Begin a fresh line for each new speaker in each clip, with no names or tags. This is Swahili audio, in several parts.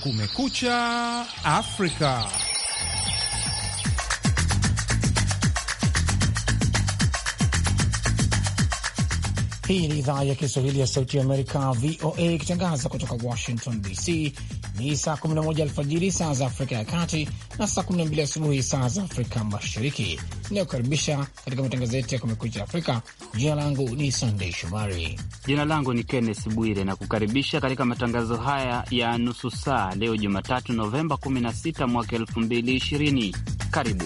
Kumekucha Afrika.
Hii ni idhaa ya Kiswahili ya Sauti ya Amerika, VOA, ikitangaza kutoka Washington DC. Ni saa 11 alfajiri saa za Afrika ya Kati na saa 12 asubuhi saa za Afrika Mashariki. Inayokaribisha katika matangazo yetu ya Kumekucha Afrika. Jina langu ni Sandei Shomari.
Jina langu ni Kennes Bwire na kukaribisha katika matangazo haya ya nusu saa leo Jumatatu, Novemba 16 mwaka 2020. Karibu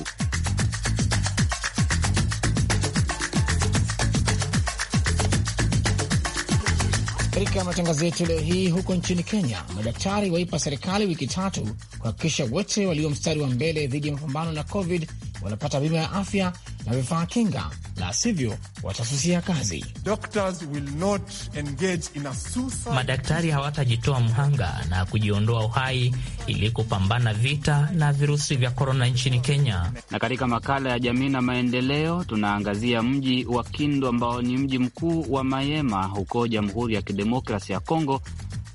Katika matangazo yetu leo hii, huko nchini Kenya, madaktari waipa serikali wiki tatu kuhakikisha wote walio mstari wa mbele dhidi ya mapambano na COVID wanapata bima ya afya na vifaa kinga,
la sivyo watasusia kazi.
Doctors will not engage
in a suicide.
Madaktari
hawatajitoa mhanga na kujiondoa uhai ili kupambana vita na virusi vya korona nchini Kenya.
Na katika makala ya jamii na maendeleo, tunaangazia mji wa Kindu ambao ni mji mkuu wa Mayema huko Jamhuri ya Kidemokrasi ya Kongo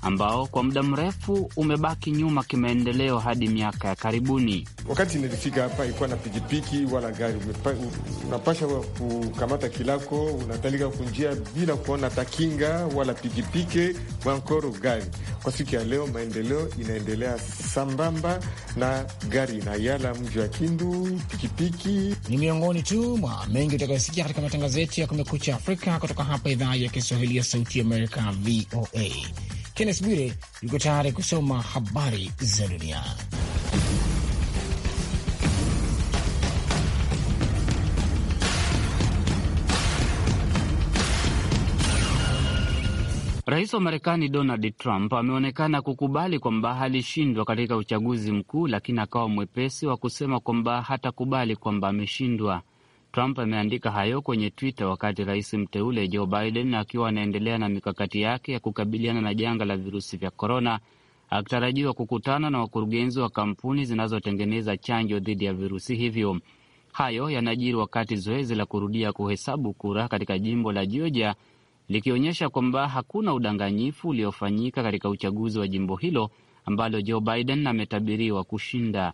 ambao kwa muda mrefu umebaki nyuma kimaendeleo hadi miaka ya karibuni. Wakati
nilifika hapa ilikuwa na pikipiki wala gari, unapasha kukamata kilako, unatalika kunjia bila kuona takinga wala pikipiki wankoro gari. Kwa siku ya leo maendeleo inaendelea sambamba na gari inayala mji
wa Kindu. Pikipiki ni miongoni tu mwa mengi utakayosikia katika matangazo yetu ya Kumekucha Afrika kutoka hapa idhaa ya Kiswahili ya Sauti Amerika, VOA. Kennes Bwire yuko tayari kusoma habari za dunia.
Rais wa Marekani Donald Trump ameonekana kukubali kwamba alishindwa katika uchaguzi mkuu, lakini akawa mwepesi wa kusema kwamba hatakubali kwamba ameshindwa. Trump ameandika hayo kwenye Twitter wakati rais mteule Joe Biden akiwa anaendelea na mikakati yake ya kukabiliana na janga la virusi vya korona, akitarajiwa kukutana na wakurugenzi wa kampuni zinazotengeneza chanjo dhidi ya virusi hivyo. Hayo yanajiri wakati zoezi la kurudia kuhesabu kura katika jimbo la Georgia likionyesha kwamba hakuna udanganyifu uliofanyika katika uchaguzi wa jimbo hilo ambalo Joe Biden ametabiriwa kushinda.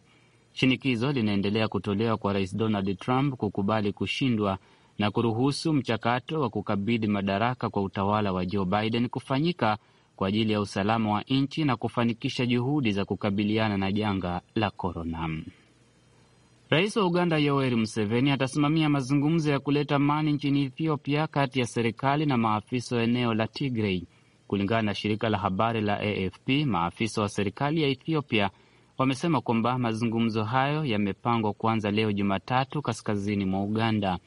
Shinikizo linaendelea kutolewa kwa Rais Donald Trump kukubali kushindwa na kuruhusu mchakato wa kukabidhi madaraka kwa utawala wa Joe Biden kufanyika kwa ajili ya usalama wa nchi na kufanikisha juhudi za kukabiliana na janga la korona. Rais wa Uganda Yoweri Museveni atasimamia mazungumzo ya kuleta amani nchini Ethiopia kati ya serikali na maafisa wa eneo la tigrey Kulingana na shirika la habari la AFP, maafisa wa serikali ya Ethiopia wamesema kwamba mazungumzo hayo yamepangwa kuanza leo Jumatatu kaskazini mwa Uganda.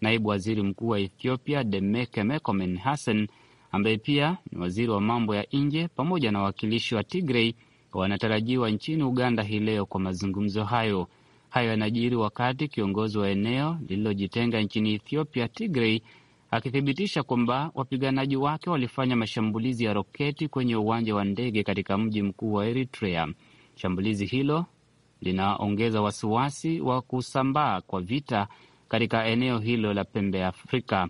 Naibu waziri mkuu wa Ethiopia Demeke Mekonnen Hassan, ambaye pia ni waziri wa mambo ya nje, pamoja na wawakilishi wa tigrey wanatarajiwa nchini Uganda hii leo kwa mazungumzo hayo. Hayo yanajiri wakati kiongozi wa eneo lililojitenga nchini Ethiopia, tigrey akithibitisha kwamba wapiganaji wake walifanya mashambulizi ya roketi kwenye uwanja wa ndege katika mji mkuu wa Eritrea. Shambulizi hilo linaongeza wasiwasi wa kusambaa kwa vita katika eneo hilo la pembe ya Afrika.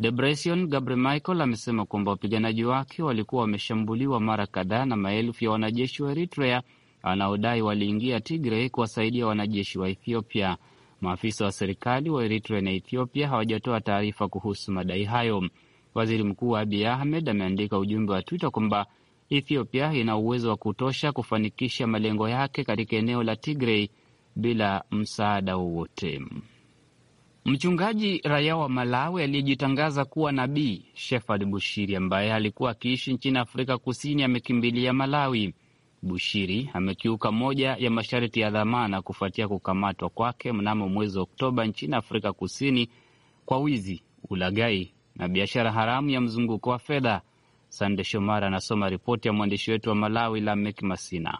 Debresion Gabriel Michael amesema kwamba wapiganaji wake walikuwa wameshambuliwa mara kadhaa na maelfu ya wanajeshi wa Eritrea wanaodai waliingia tigre kuwasaidia wanajeshi wa Ethiopia. Maafisa wa serikali wa Eritrea na Ethiopia hawajatoa taarifa kuhusu madai hayo. Waziri Mkuu Abiy Ahmed ameandika ujumbe wa Twitter kwamba Ethiopia ina uwezo wa kutosha kufanikisha malengo yake katika eneo la Tigrei bila msaada wowote. Mchungaji raia wa Malawi aliyejitangaza kuwa nabii shefad Bushiri ambaye alikuwa akiishi nchini Afrika Kusini amekimbilia Malawi. Bushiri amekiuka moja ya masharti ya dhamana kufuatia kukamatwa kwake mnamo mwezi Oktoba nchini Afrika Kusini kwa wizi, ulagai na biashara haramu ya mzunguko wa fedha. Sande Shomari anasoma ripoti ya mwandishi wetu wa Malawi, Lamek Masina.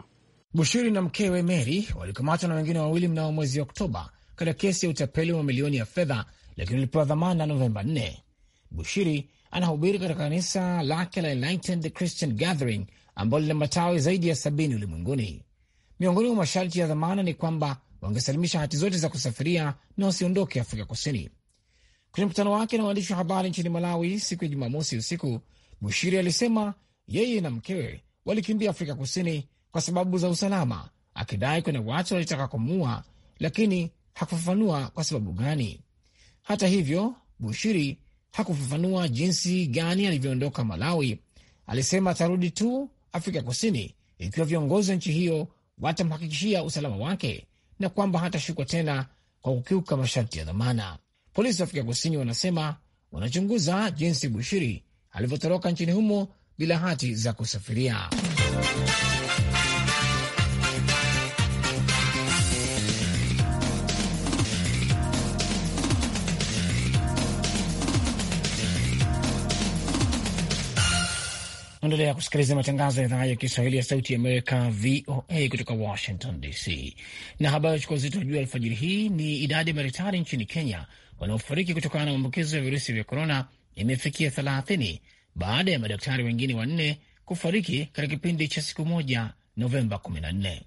Bushiri na mkewe Mary walikamatwa na wengine wawili mnamo mwezi Oktoba katika kesi ya utapeli wa mamilioni ya fedha, lakini walipewa dhamana Novemba 4. Bushiri anahubiri katika kanisa lake la Enlightened Christian Gathering ambalo lina matawi zaidi ya sabini ulimwenguni. Miongoni mwa masharti ya dhamana ni kwamba wangesalimisha hati zote za kusafiria na wasiondoke Afrika Kusini. Kwenye mkutano wake na waandishi wa habari nchini Malawi siku ya Jumamosi usiku, Mushiri alisema yeye na mkewe walikimbia Afrika Kusini kwa sababu za usalama, akidai kuna watu walitaka kumuua, lakini hakufafanua kwa sababu gani. Hata hivyo, Bushiri hakufafanua jinsi gani alivyoondoka Malawi. Alisema atarudi tu Afrika Kusini ikiwa viongozi wa nchi hiyo watamhakikishia usalama wake na kwamba hatashikwa tena kwa kukiuka masharti ya dhamana. Polisi wa Afrika Kusini wanasema wanachunguza jinsi Bushiri alivyotoroka nchini humo bila hati za kusafiria. Endelea kusikiliza matangazo ya idhaa ya Kiswahili ya Sauti ya Amerika, VOA, kutoka Washington DC. Na habari chukua uzito wa juu alfajiri hii ni idadi ya madaktari nchini Kenya wanaofariki kutokana na maambukizo ya virusi vya korona imefikia 30 baada ya madaktari wengine wanne kufariki katika kipindi cha siku moja Novemba 14.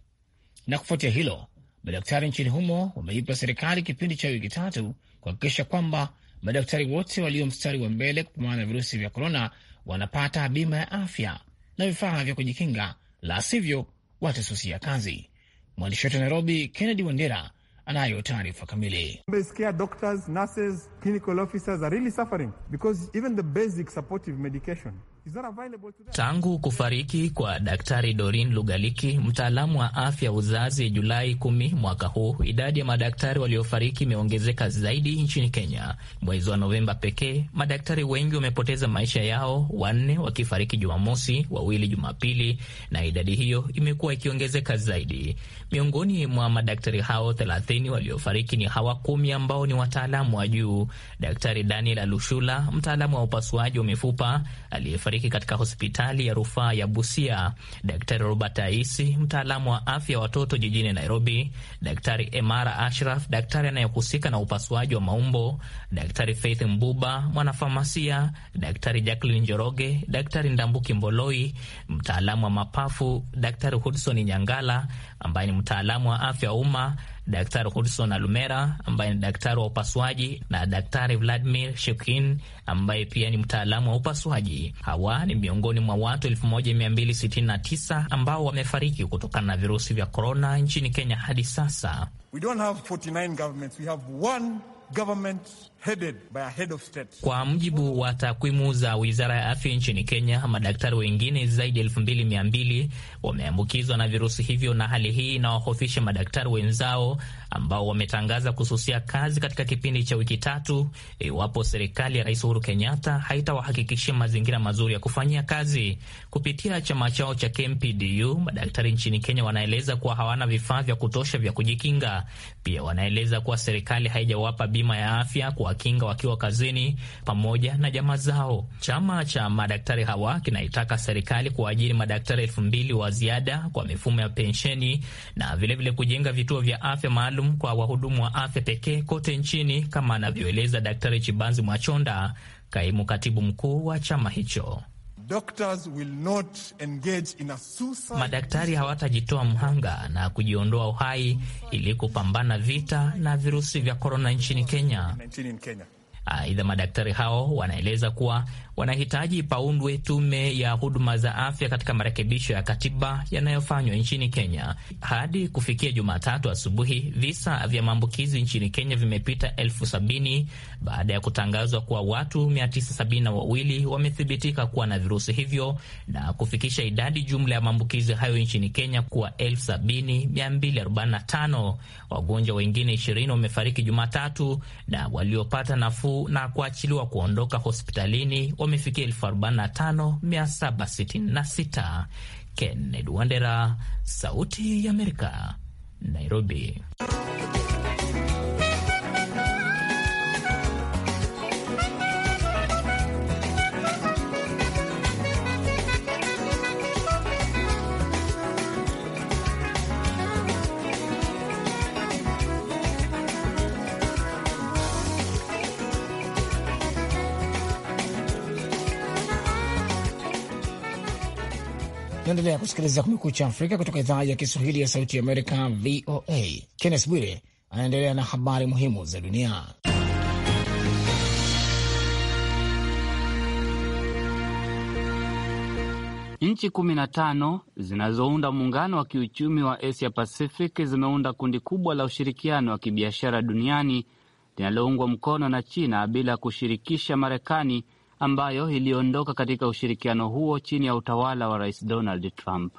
Na kufuatia hilo, madaktari nchini humo wameipa serikali kipindi cha wiki tatu kuhakikisha kwamba madaktari wote walio mstari wa mbele kupambana na virusi vya korona wanapata bima ya afya na vifaa vya kujikinga, la sivyo watasusia kazi. Mwandishi wetu wa Nairobi, Kennedy Wandera, anayo taarifa kamili.
Tumesikia doctors, nurses, clinical officers are really suffering because even the basic supportive medication
Tangu kufariki kwa Daktari Dorin Lugaliki, mtaalamu wa afya uzazi, Julai kumi mwaka huu, idadi ya madaktari waliofariki imeongezeka zaidi nchini Kenya. Mwezi wa Novemba pekee madaktari wengi wamepoteza maisha yao, wanne wakifariki Jumamosi, wawili Jumapili, na idadi hiyo imekuwa ikiongezeka zaidi. Miongoni mwa madaktari hao 30 waliofariki ni hawa kumi ambao ni wataalamu wa juu: Daktari Daniel Alushula, mtaalamu wa upasuaji wa mifupa aliyefariki alifariki katika hospitali ya rufaa ya Busia. Daktari Robert Aisi, mtaalamu wa afya watoto jijini Nairobi, Daktari Emara Ashraf, daktari anayehusika na upasuaji wa maumbo, Daktari Faith Mbuba, mwanafamasia, Daktari Jacqueline Njoroge, Daktari Ndambuki Mboloi, mtaalamu wa mapafu, Daktari Hudson Nyangala ambaye ni mtaalamu wa afya wa umma Daktari Hudson Alumera ambaye ni daktari wa upasuaji na Daktari Vladimir Shekin ambaye pia ni mtaalamu wa upasuaji. Hawa ni miongoni mwa watu 1269 ambao wamefariki kutokana na virusi vya korona nchini Kenya hadi sasa.
We don't have 49 governments. We have one government
kwa mujibu wa takwimu za wizara ya afya nchini Kenya, madaktari wengine zaidi ya elfu mbili mia mbili wameambukizwa na virusi hivyo, na hali hii inawahofisha madaktari wenzao ambao wametangaza kususia kazi katika kipindi cha wiki tatu iwapo serikali ya Rais Uhuru Kenyatta haitawahakikishia mazingira mazuri ya kufanyia kazi. Kupitia chama chao cha KMPDU, madaktari nchini Kenya wanaeleza kuwa hawana vifaa vya kutosha vya kujikinga. Pia wanaeleza kuwa serikali haijawapa bima ya afya kwa kuwakinga wakiwa kazini pamoja na jamaa zao. Chama cha madaktari hawa kinaitaka serikali kuwaajiri madaktari elfu mbili wa ziada kwa mifumo ya pensheni na vilevile vile kujenga vituo vya afya maalum kwa wahudumu wa afya pekee kote nchini, kama anavyoeleza Daktari Chibanzi Mwachonda, kaimu katibu mkuu wa chama hicho. Madaktari hawatajitoa mhanga na kujiondoa uhai ili kupambana vita na virusi vya korona nchini Kenya. Aidha, madaktari hao wanaeleza kuwa wanahitaji paundwe tume ya huduma za afya katika marekebisho ya katiba yanayofanywa nchini Kenya. Hadi kufikia Jumatatu asubuhi, visa vya maambukizi nchini Kenya vimepita elfu sabini baada ya kutangazwa kuwa watu 972 wamethibitika kuwa na virusi hivyo na kufikisha idadi jumla ya maambukizi hayo nchini Kenya kuwa elfu sabini mia mbili arobaini na tano. Wagonjwa wengine 20 wamefariki Jumatatu na waliopata nafuu na kuachiliwa kuondoka hospitalini wamefikia elfu arobaini na tano mia saba sitini na sita. Kennedy Wandera, Sauti ya Amerika, Nairobi.
Naendelea kusikiliza Kumekucha Afrika kutoka idhaa ya Kiswahili ya Sauti ya Amerika, VOA. Kennes Bwire anaendelea na habari muhimu za dunia. Nchi kumi na tano
zinazounda muungano wa kiuchumi wa Asia Pacific zimeunda kundi kubwa la ushirikiano wa kibiashara duniani linaloungwa mkono na China bila kushirikisha Marekani ambayo iliondoka katika ushirikiano huo chini ya utawala wa Rais Donald Trump.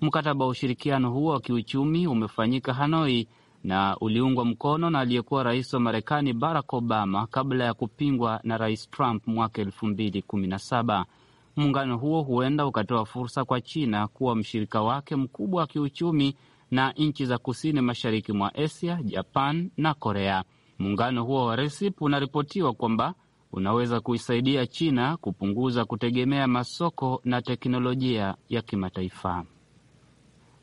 Mkataba wa ushirikiano huo wa kiuchumi umefanyika Hanoi na uliungwa mkono na aliyekuwa rais wa Marekani Barack Obama kabla ya kupingwa na Rais Trump mwaka elfu mbili kumi na saba. Muungano huo huenda ukatoa fursa kwa China kuwa mshirika wake mkubwa wa kiuchumi na nchi za kusini mashariki mwa Asia, Japan na Korea. Muungano huo wa RESIP unaripotiwa kwamba unaweza kuisaidia China kupunguza kutegemea masoko na teknolojia ya kimataifa.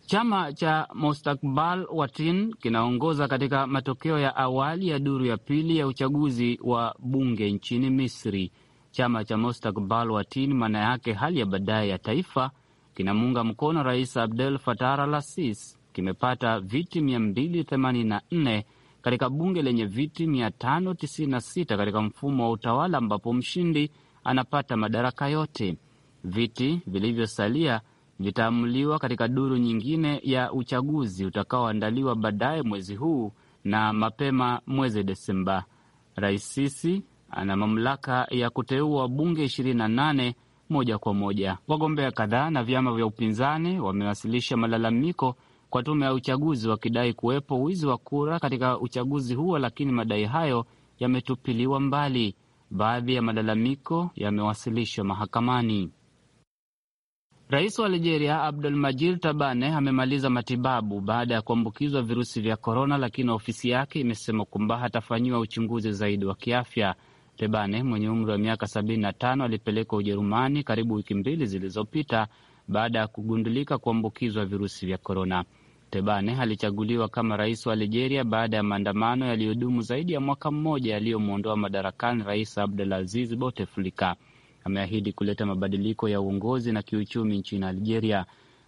Chama cha Mustakbal Watin kinaongoza katika matokeo ya awali ya duru ya pili ya uchaguzi wa bunge nchini Misri. Chama cha Mustakbal Watin, maana yake hali ya baadaye ya taifa, kinamuunga mkono Rais Abdel Fattah al-Sisi, kimepata viti 284 katika bunge lenye viti 596 katika mfumo wa utawala ambapo mshindi anapata madaraka yote. Viti vilivyosalia vitaamuliwa katika duru nyingine ya uchaguzi utakaoandaliwa baadaye mwezi huu na mapema mwezi Desemba. Rais Sisi ana mamlaka ya kuteua wabunge 28 moja kwa moja. Wagombea kadhaa na vyama vya upinzani wamewasilisha malalamiko kwa tume ya uchaguzi wakidai kuwepo wizi wa kura katika uchaguzi huo, lakini madai hayo yametupiliwa mbali. Baadhi ya malalamiko yamewasilishwa mahakamani. Rais wa Algeria Abdul Majid Tabane amemaliza matibabu baada ya kuambukizwa virusi vya korona, lakini ofisi yake imesema kwamba hatafanyiwa uchunguzi zaidi wa kiafya. Tebane mwenye umri wa miaka 75 alipelekwa Ujerumani karibu wiki mbili zilizopita baada ya kugundulika kuambukizwa virusi vya korona. Tebane alichaguliwa kama rais wa Algeria baada ya maandamano yaliyodumu zaidi ya mwaka mmoja yaliyomwondoa madarakani Rais Abdelaziz Bouteflika. Ameahidi kuleta mabadiliko ya uongozi na kiuchumi nchini Algeria.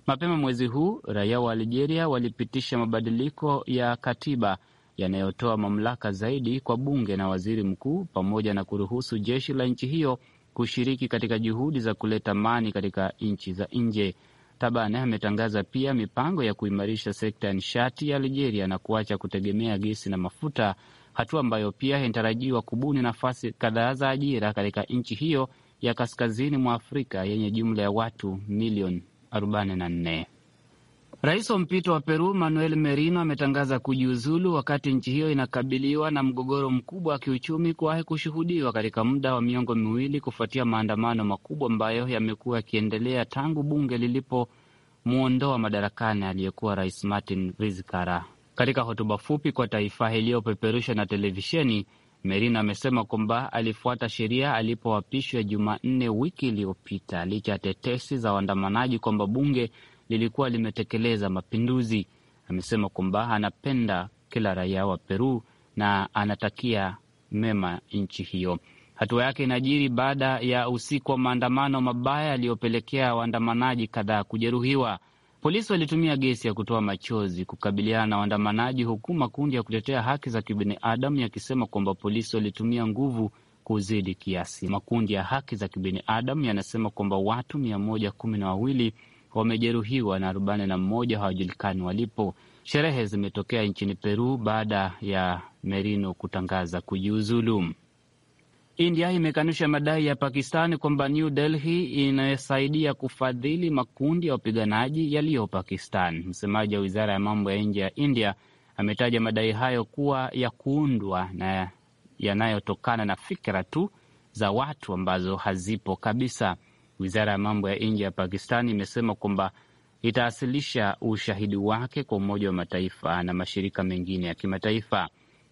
Mapema mwezi huu raia wa Algeria walipitisha mabadiliko ya katiba yanayotoa mamlaka zaidi kwa bunge na waziri mkuu pamoja na kuruhusu jeshi la nchi hiyo kushiriki katika juhudi za kuleta amani katika nchi za nje. Tabane ametangaza pia mipango ya kuimarisha sekta ya nishati ya Algeria na kuacha kutegemea gesi na mafuta, hatua ambayo pia inatarajiwa kubuni nafasi kadhaa za ajira katika nchi hiyo ya kaskazini mwa Afrika yenye jumla ya watu milioni 44. Rais wa mpito wa Peru Manuel Merino ametangaza kujiuzulu wakati nchi hiyo inakabiliwa na mgogoro mkubwa wa kiuchumi kuwahi kushuhudiwa katika muda wa miongo miwili kufuatia maandamano makubwa ambayo yamekuwa yakiendelea tangu bunge lilipomwondoa madarakani aliyekuwa rais Martin Vizcarra. Katika hotuba fupi kwa taifa iliyopeperushwa na televisheni, Merino amesema kwamba alifuata sheria alipoapishwa Jumanne wiki iliyopita licha ya tetesi za waandamanaji kwamba bunge lilikuwa limetekeleza mapinduzi. Amesema kwamba anapenda kila raia wa Peru na anatakia mema nchi hiyo. Hatua yake inajiri baada ya usiku wa maandamano mabaya yaliyopelekea waandamanaji kadhaa kujeruhiwa. Polisi walitumia gesi ya kutoa machozi kukabiliana na waandamanaji, huku makundi ya kutetea haki za kibinadamu yakisema kwamba polisi walitumia nguvu kuzidi kiasi. Makundi ya haki za kibinadamu yanasema kwamba watu mia moja kumi na wawili wamejeruhiwa na mmoja hawajulikani walipo. Sherehe zimetokea nchini Peru baada ya Merino kutangaza kujiuzulu. India imekanusha madai ya Pakistani kwamba New Delhi inasaidia kufadhili makundi ya wapiganaji yaliyo Pakistan. Msemaji wa wizara ya mambo ya nje ya India ametaja madai hayo kuwa ya kuundwa na yanayotokana na fikra tu za watu ambazo hazipo kabisa. Wizara ya mambo ya nje ya Pakistan imesema kwamba itawasilisha ushahidi wake kwa Umoja wa Mataifa na mashirika mengine ya kimataifa.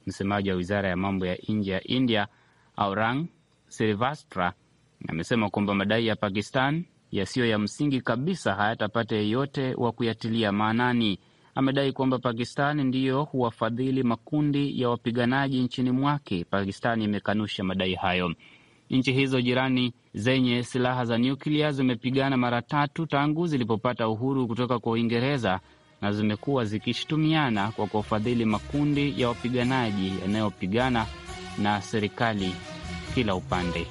Msemaji wa wizara ya mambo ya nje ya India Aurang silvastra amesema kwamba madai ya Pakistan yasiyo ya msingi kabisa hayatapata yeyote wa kuyatilia maanani. Amedai kwamba Pakistan ndiyo huwafadhili makundi ya wapiganaji nchini mwake. Pakistan imekanusha madai hayo. Nchi hizo jirani zenye silaha za nyuklia zimepigana mara tatu tangu zilipopata uhuru kutoka kwa Uingereza na zimekuwa zikishutumiana kwa kuwafadhili makundi ya wapiganaji yanayopigana na serikali kila upande.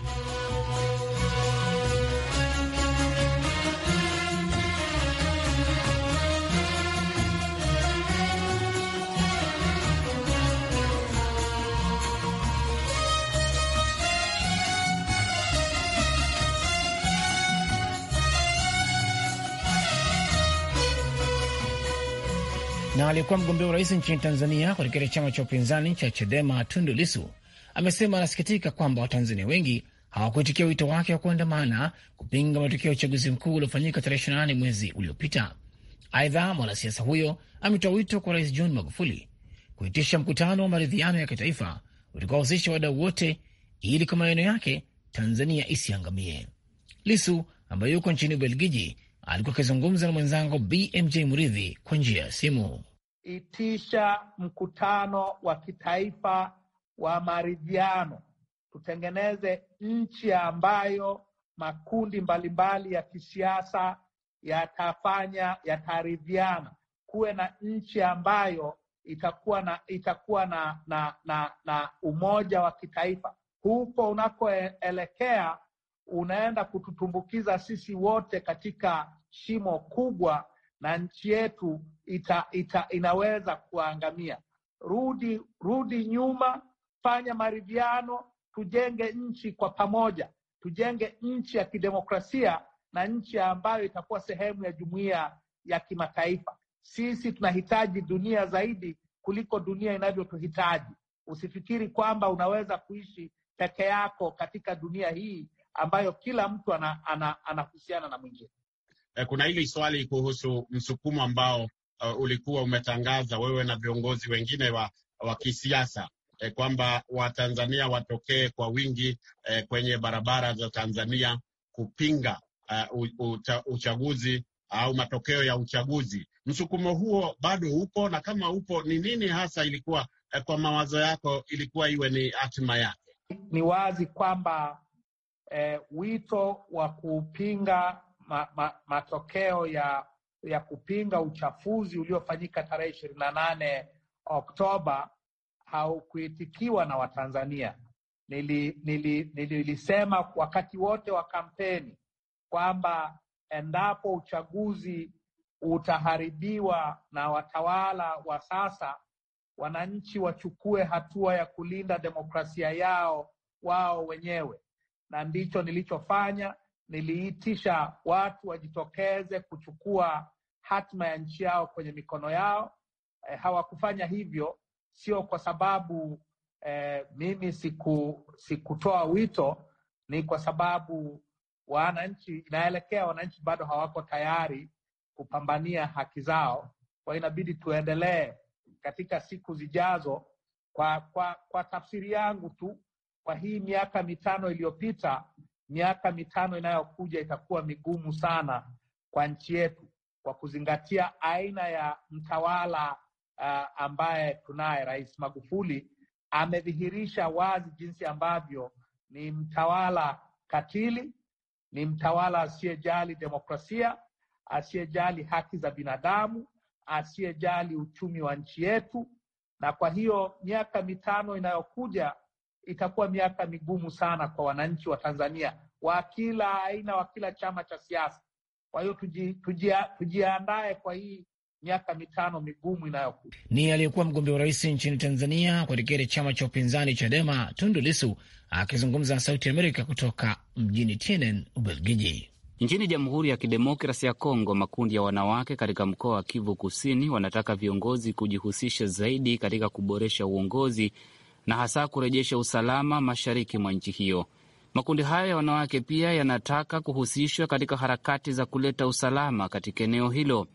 Na aliyekuwa mgombea urais nchini Tanzania kwa kile chama cha upinzani cha Chadema, Tundu Lisu amesema anasikitika kwamba Watanzania wengi hawakuitikia wito wake wa kuandamana kupinga matokeo ya uchaguzi mkuu uliofanyika tarehe 28 mwezi uliopita. Aidha, mwanasiasa huyo ametoa wito kwa Rais John Magufuli kuitisha mkutano wa maridhiano ya kitaifa utakaohusisha wadau wote ili kwa maneno yake Tanzania isiangamie. Lisu ambaye yuko nchini Ubelgiji alikuwa akizungumza na mwenzangu BMJ Muridhi kwa njia ya simu
itisha mkutano wa kitaifa wa maridhiano, tutengeneze nchi ambayo makundi mbalimbali ya kisiasa yatafanya yataridhiana, kuwe na nchi ambayo itakuwa na itakuwa na na, na na umoja wa kitaifa. Huko unakoelekea unaenda kututumbukiza sisi wote katika shimo kubwa na nchi yetu ita, ita, inaweza kuangamia. Rudi, rudi nyuma, fanya maridhiano, tujenge nchi kwa pamoja, tujenge nchi ya kidemokrasia na nchi ambayo itakuwa sehemu ya jumuiya ya kimataifa. Sisi tunahitaji dunia zaidi kuliko dunia inavyotuhitaji. Usifikiri kwamba unaweza kuishi peke yako katika dunia hii ambayo kila mtu anahusiana ana, ana na mwingine.
Eh, kuna hili swali kuhusu msukumo ambao uh, ulikuwa umetangaza wewe na viongozi wengine wa, wa kisiasa eh, kwamba Watanzania watokee kwa wingi eh, kwenye barabara za Tanzania kupinga uh, uta, uchaguzi au matokeo ya uchaguzi. Msukumo huo bado upo, na kama upo, ni nini hasa ilikuwa eh, kwa mawazo yako ilikuwa iwe ni hatima yake?
Ni wazi kwamba eh, wito wa kupinga ma, ma, matokeo ya ya kupinga uchafuzi uliofanyika tarehe ishirini na nane Oktoba haukuitikiwa na Watanzania. Nili, nili, nilisema wakati wote wa kampeni kwamba endapo uchaguzi utaharibiwa na watawala wa sasa, wananchi wachukue hatua ya kulinda demokrasia yao wao wenyewe, na ndicho nilichofanya niliitisha watu wajitokeze kuchukua hatima ya nchi yao kwenye mikono yao. E, hawakufanya hivyo, sio kwa sababu e, mimi siku sikutoa wito, ni kwa sababu wananchi, inaelekea wananchi bado hawako tayari kupambania haki zao, kwa inabidi tuendelee katika siku zijazo. Kwa, kwa, kwa tafsiri yangu tu, kwa hii miaka mitano iliyopita miaka mitano inayokuja itakuwa migumu sana kwa nchi yetu kwa kuzingatia aina ya mtawala uh, ambaye tunaye. Rais Magufuli amedhihirisha wazi jinsi ambavyo ni mtawala katili, ni mtawala asiyejali demokrasia, asiyejali haki za binadamu, asiyejali uchumi wa nchi yetu. Na kwa hiyo miaka mitano inayokuja itakuwa miaka migumu sana kwa wananchi wa Tanzania wa kila aina, wa kila chama cha siasa. Kwa hiyo tuji, tujiandae kwa hii miaka mitano migumu inayokuja.
Ni aliyekuwa mgombea urais nchini Tanzania kwa tiketi chama cha upinzani Chadema, Tundu Lisu akizungumza na Sauti Amerika kutoka mjini Tienen, Ubelgiji.
Nchini Jamhuri ya Kidemokrasi ya Kongo, makundi ya wanawake katika mkoa wa Kivu Kusini wanataka viongozi kujihusisha zaidi katika kuboresha uongozi na hasa kurejesha usalama mashariki mwa nchi hiyo. Makundi hayo ya wanawake pia yanataka kuhusishwa katika harakati za kuleta usalama katika eneo hilo.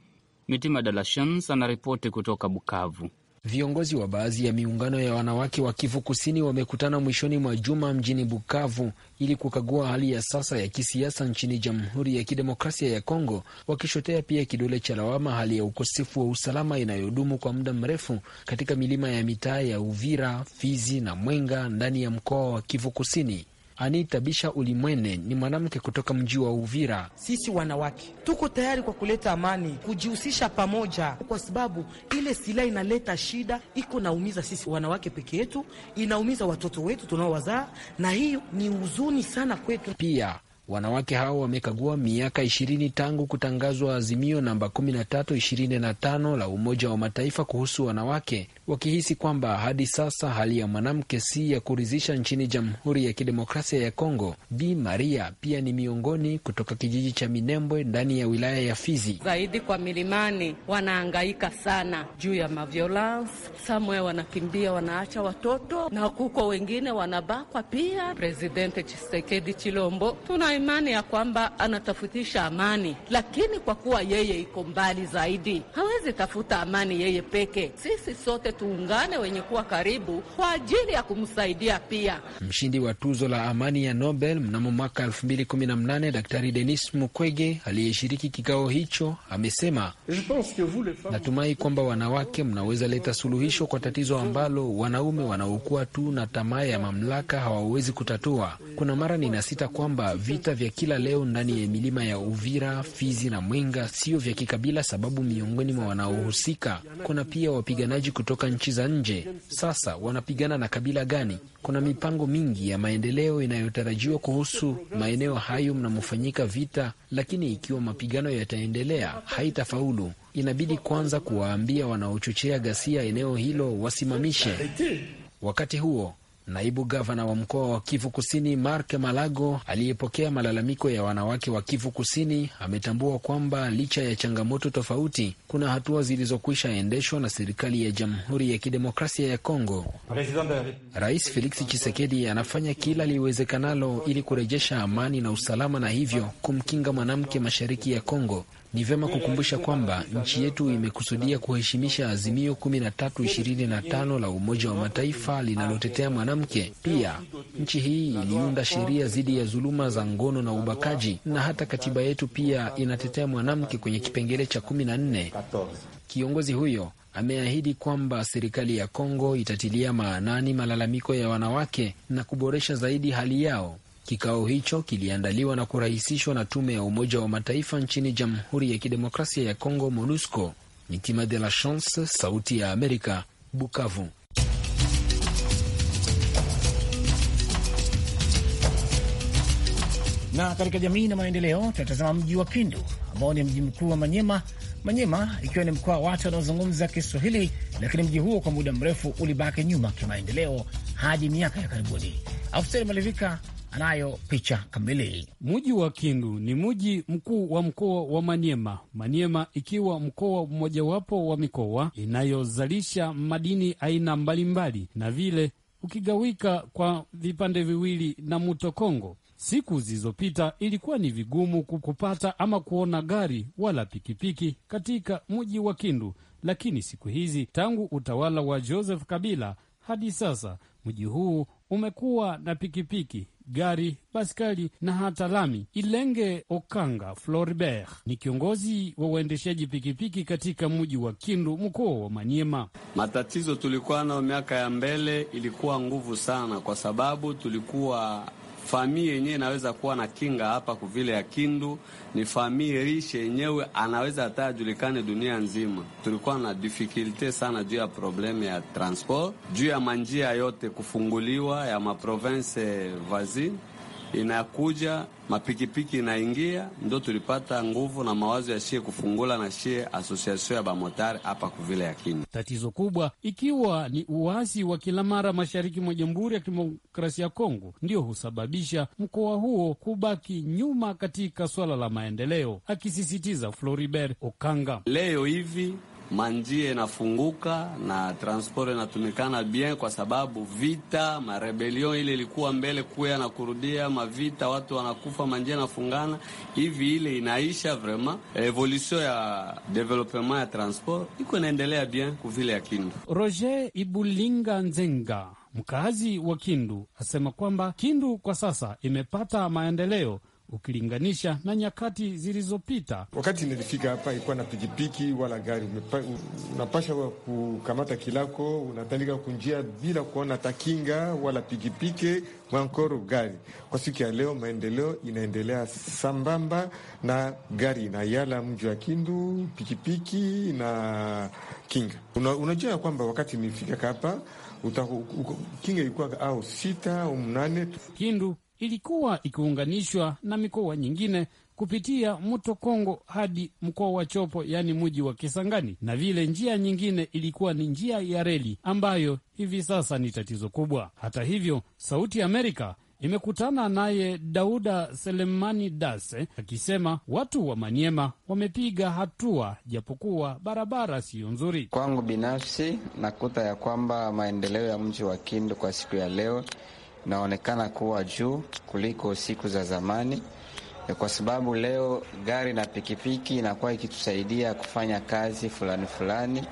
Mitima De anaripoti kutoka Bukavu.
Viongozi wa baadhi ya miungano ya wanawake wa Kivu Kusini wamekutana mwishoni mwa juma mjini Bukavu ili kukagua hali ya sasa ya kisiasa nchini Jamhuri ya Kidemokrasia ya Kongo, wakishotea pia kidole cha lawama hali ya ukosefu wa usalama inayodumu kwa muda mrefu katika milima ya mitaa ya Uvira, Fizi na Mwenga ndani ya mkoa wa Kivu Kusini. Anita Bisha Ulimwene ni mwanamke kutoka mji wa Uvira. Sisi wanawake tuko tayari kwa kuleta amani, kujihusisha pamoja, kwa sababu ile silaha inaleta shida, iko naumiza sisi wanawake peke yetu, inaumiza watoto wetu tunaowazaa, na hiyo ni huzuni sana kwetu. Pia wanawake hao wamekagua miaka ishirini tangu kutangazwa azimio namba 1325 la Umoja wa Mataifa kuhusu wanawake wakihisi kwamba hadi sasa hali ya mwanamke si ya kuridhisha nchini Jamhuri ya Kidemokrasia ya Kongo. Bi Maria pia ni miongoni kutoka kijiji cha Minembwe ndani ya wilaya ya Fizi.
Zaidi kwa milimani, wanaangaika sana juu ya maviolansi samwe, wanakimbia wanaacha watoto na kuko wengine wanabakwa pia. Presidente Chisekedi Chilombo, tuna imani ya kwamba anatafutisha amani, lakini kwa kuwa yeye iko mbali zaidi, hawezi tafuta amani yeye peke. Sisi sote tuungane wenye kuwa karibu kwa ajili ya kumsaidia pia.
Mshindi wa tuzo la amani ya Nobel mnamo mwaka 2018 Daktari Denis Mukwege aliyeshiriki kikao hicho amesema, natumai kwamba wanawake mnaweza leta suluhisho kwa tatizo ambalo wanaume wanaokuwa tu na tamaa ya mamlaka hawawezi kutatua. Kuna mara ninasita kwamba vita vya kila leo ndani ya milima ya Uvira, Fizi na Mwenga sio vya kikabila, sababu miongoni mwa wanaohusika kuna pia wapiganaji kutoka nchi za nje. Sasa wanapigana na kabila gani? Kuna mipango mingi ya maendeleo inayotarajiwa kuhusu maeneo hayo mnamofanyika vita, lakini ikiwa mapigano yataendelea, haitafaulu. Inabidi kwanza kuwaambia wanaochochea ghasia eneo hilo wasimamishe. Wakati huo Naibu gavana wa mkoa wa Kivu Kusini Mark Malago aliyepokea malalamiko ya wanawake wa Kivu Kusini ametambua kwamba licha ya changamoto tofauti, kuna hatua zilizokwisha endeshwa na serikali ya Jamhuri ya Kidemokrasia ya Kongo. Rais Feliksi Chisekedi anafanya kila liwezekanalo ili kurejesha amani na usalama na hivyo kumkinga mwanamke mashariki ya Kongo. Ni vyema kukumbusha kwamba nchi yetu imekusudia kuheshimisha azimio 1325 la Umoja wa Mataifa linalotetea mwanamke. Pia nchi hii iliunda sheria dhidi ya dhuluma za ngono na ubakaji, na hata katiba yetu pia inatetea mwanamke kwenye kipengele cha 14. Kiongozi huyo ameahidi kwamba serikali ya Kongo itatilia maanani malalamiko ya wanawake na kuboresha zaidi hali yao. Kikao hicho kiliandaliwa na kurahisishwa na tume ya Umoja wa Mataifa nchini Jamhuri ya Kidemokrasia ya Kongo, MONUSCO. Mitima de la Chance, Sauti ya Amerika, Bukavu.
Na katika jamii na maendeleo, tunatazama mji wa Kindu ambao ni mji mkuu wa Manyema, Manyema ikiwa ni mkoa wa watu wanaozungumza Kiswahili, lakini mji huo kwa muda mrefu ulibaki nyuma kimaendeleo hadi miaka ya karibuni. Afsari Malivika anayo picha kamili.
Muji wa Kindu ni muji mkuu wa mkoa wa Maniema, Maniema ikiwa mkoa mmojawapo wa mikoa inayozalisha madini aina mbalimbali, na vile ukigawika kwa vipande viwili na mto Kongo siku zilizopita ilikuwa ni vigumu kupata ama kuona gari wala pikipiki katika mji wa Kindu, lakini siku hizi tangu utawala wa Joseph Kabila hadi sasa mji huu umekuwa na pikipiki gari, baskali na hata lami. Ilenge Okanga Floribert ni kiongozi wa uendeshaji pikipiki katika mji wa Kindu, mkoa wa manyema
Matatizo tulikuwa nayo miaka ya mbele ilikuwa nguvu sana, kwa sababu tulikuwa Famii yenyewe inaweza kuwa na kinga hapa kuvile ya kindu, ni famii rishe yenyewe, anaweza hata ajulikane dunia nzima. Tulikuwa na difikulte sana juu ya problemu ya transport, juu ya manjia yote kufunguliwa ya maprovense vazi inakuja mapikipiki inaingia, ndo tulipata nguvu na mawazo ya shie kufungula na shie asosiasio ya bamotari hapa kuvile yakini.
Tatizo kubwa ikiwa ni uasi wa kila mara mashariki mwa Jamhuri ya Kidemokrasia ya Kongo, ndio husababisha mkoa huo kubaki nyuma katika swala la maendeleo, akisisitiza Floribert Okanga.
Leo hivi manjia inafunguka na transport inatumikana bien, kwa sababu vita marebelion ile ilikuwa mbele kuya na kurudia mavita, watu wanakufa, manjia inafungana hivi, ile inaisha. Vraiment evolution ya developement ya transport iko inaendelea bien kuvile ya Kindu.
Roger Ibulinga Nzenga, mkazi wa Kindu, asema kwamba Kindu kwa sasa imepata maendeleo ukilinganisha na nyakati zilizopita. Wakati nilifika hapa ilikuwa na pikipiki wala gari, unapasha kukamata kilako, unatandika kunjia bila kuona takinga wala pikipiki wankoro gari. Kwa siku ya leo maendeleo inaendelea sambamba na gari inayala mji wa Kindu, pikipiki na kinga. Unajua ya kwamba wakati nilifika hapa kinga ilikuwa au sita au mnane. Kindu ilikuwa ikiunganishwa na mikoa nyingine kupitia mto Kongo hadi mkoa wa Chopo, yaani mji wa Kisangani, na vile njia nyingine ilikuwa ni njia ya reli ambayo hivi sasa ni tatizo kubwa. Hata hivyo, Sauti ya Amerika imekutana naye Dauda Selemani Dase akisema watu wa Maniema wamepiga hatua, japokuwa
barabara siyo nzuri. Kwangu binafsi, nakuta ya kwamba maendeleo ya mji wa Kindu kwa siku ya leo naonekana kuwa juu kuliko siku za zamani, kwa sababu leo gari na pikipiki inakuwa ikitusaidia kufanya kazi fulani fulani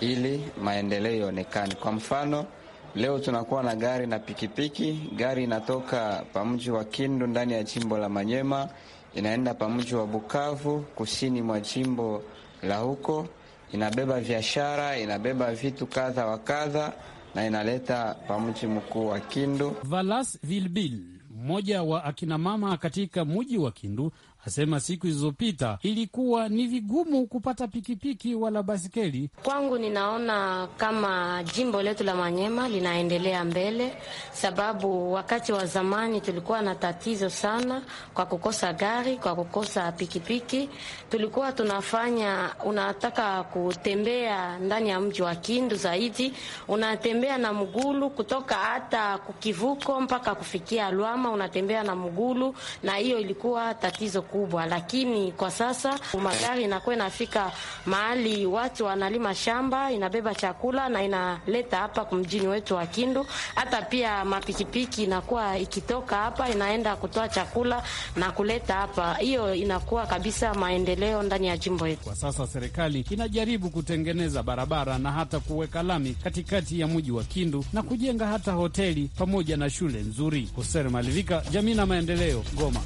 ili maendeleo ionekane. Kwa mfano leo tunakuwa na gari na pikipiki. Gari inatoka pamji wa Kindu ndani ya jimbo la Manyema inaenda pamji wa Bukavu kusini mwa jimbo la huko, inabeba biashara, inabeba vitu kadha wa kadha na inaleta pamuji mkuu wa Kindu.
Valas Vilbil, mmoja wa akinamama katika muji wa Kindu, Asema siku zilizopita ilikuwa ni vigumu kupata pikipiki wala basikeli.
Kwangu ninaona kama jimbo letu la Manyema linaendelea mbele, sababu wakati wa zamani tulikuwa na tatizo sana kwa kukosa gari, kwa kukosa pikipiki. Tulikuwa tunafanya, unataka kutembea ndani ya mji wa Kindu zaidi, unatembea na mgulu kutoka hata kukivuko mpaka kufikia Lwama, unatembea na mgulu, na hiyo ilikuwa tatizo kubwa, lakini kwa sasa magari inakuwa inafika mahali watu wanalima shamba, inabeba chakula na inaleta hapa kumjini wetu wa Kindu. Hata pia mapikipiki inakuwa ikitoka hapa inaenda kutoa chakula na kuleta hapa. Hiyo inakuwa kabisa maendeleo ndani ya jimbo yetu.
Kwa sasa serikali inajaribu kutengeneza barabara na hata kuweka lami katikati ya mji wa Kindu na kujenga hata hoteli pamoja na shule nzuri. Hoser Malivika, jamii na maendeleo, Goma.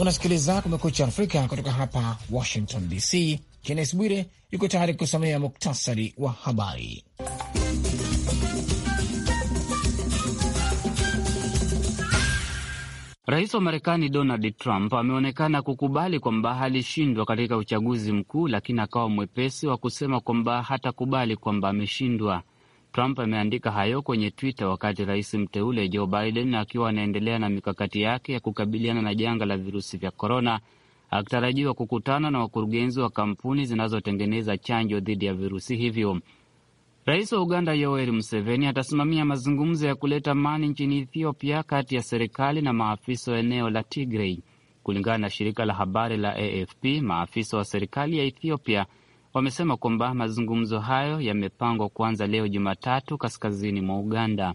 Unasikiliza Kumekucha Afrika kutoka hapa Washington DC. Kennes Bwire yuko tayari kusomea muktasari wa habari.
Rais wa Marekani Donald Trump ameonekana kukubali kwamba alishindwa katika uchaguzi mkuu, lakini akawa mwepesi wa kusema kwamba hatakubali kwamba ameshindwa. Trump ameandika hayo kwenye Twitter wakati rais mteule Joe Biden akiwa anaendelea na mikakati yake ya kukabiliana na janga la virusi vya korona, akitarajiwa kukutana na wakurugenzi wa kampuni zinazotengeneza chanjo dhidi ya virusi hivyo. Rais wa Uganda Yoweri Museveni atasimamia mazungumzo ya kuleta amani nchini Ethiopia kati ya serikali na maafisa wa eneo la Tigrey. Kulingana na shirika la habari la AFP, maafisa wa serikali ya Ethiopia wamesema kwamba mazungumzo hayo yamepangwa kuanza leo Jumatatu kaskazini mwa Uganda.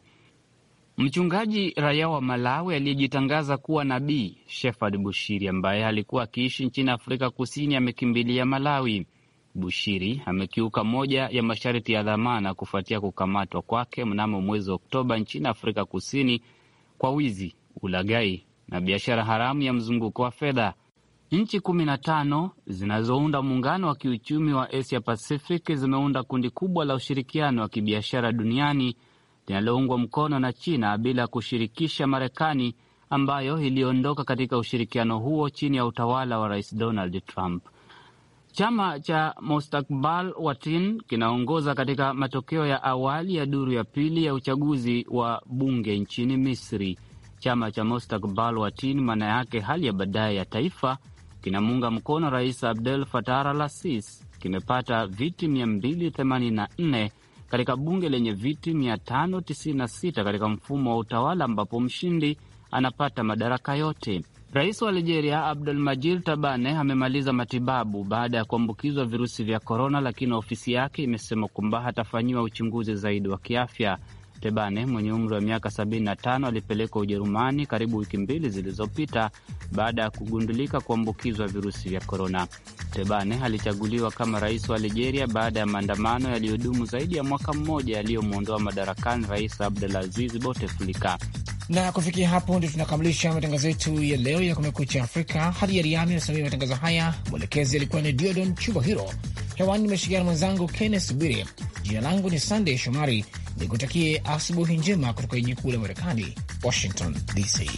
Mchungaji raia wa Malawi aliyejitangaza kuwa nabii shefad Bushiri ambaye alikuwa akiishi nchini Afrika Kusini amekimbilia Malawi. Bushiri amekiuka moja ya masharti ya dhamana kufuatia kukamatwa kwake mnamo mwezi Oktoba nchini Afrika Kusini kwa wizi, ulagai na biashara haramu ya mzunguko wa fedha. Nchi kumi na tano zinazounda muungano wa kiuchumi wa Asia Pacific zimeunda kundi kubwa la ushirikiano wa kibiashara duniani linaloungwa mkono na China bila kushirikisha Marekani ambayo iliondoka katika ushirikiano huo chini ya utawala wa Rais Donald Trump. Chama cha Mustakbal Watin kinaongoza katika matokeo ya awali ya duru ya pili ya uchaguzi wa bunge nchini Misri. Chama cha Mustakbal Watin maana yake hali ya baadaye ya taifa kinamuunga mkono Rais Abdel Fattah al-Sisi kimepata viti 284 katika bunge lenye viti 596 katika mfumo wa utawala ambapo mshindi anapata madaraka yote. Rais wa Algeria Abdelmadjid Tabane amemaliza matibabu baada ya kuambukizwa virusi vya korona, lakini ofisi yake imesema kwamba hatafanyiwa uchunguzi zaidi wa kiafya. Tebane mwenye umri wa miaka 75 alipelekwa Ujerumani karibu wiki mbili zilizopita baada ya kugundulika kuambukizwa virusi vya korona. Tebane alichaguliwa kama rais wa Algeria baada ya maandamano yaliyodumu zaidi ya mwaka mmoja yaliyomwondoa madarakani rais Abdulaziz Bouteflika.
Na kufikia hapo ndio tunakamilisha matangazo yetu ya leo ya Kumekucha Afrika. Hadi Yariami anasimamia matangazo haya, mwelekezi alikuwa ni Diodon Chuba Hiro. Hewani nimeshirikiana mwenzangu Kennes Bwire. Jina langu ni Sandey Shomari, nikutakie asubuhi njema kutoka jiji kuu la Marekani, Washington DC.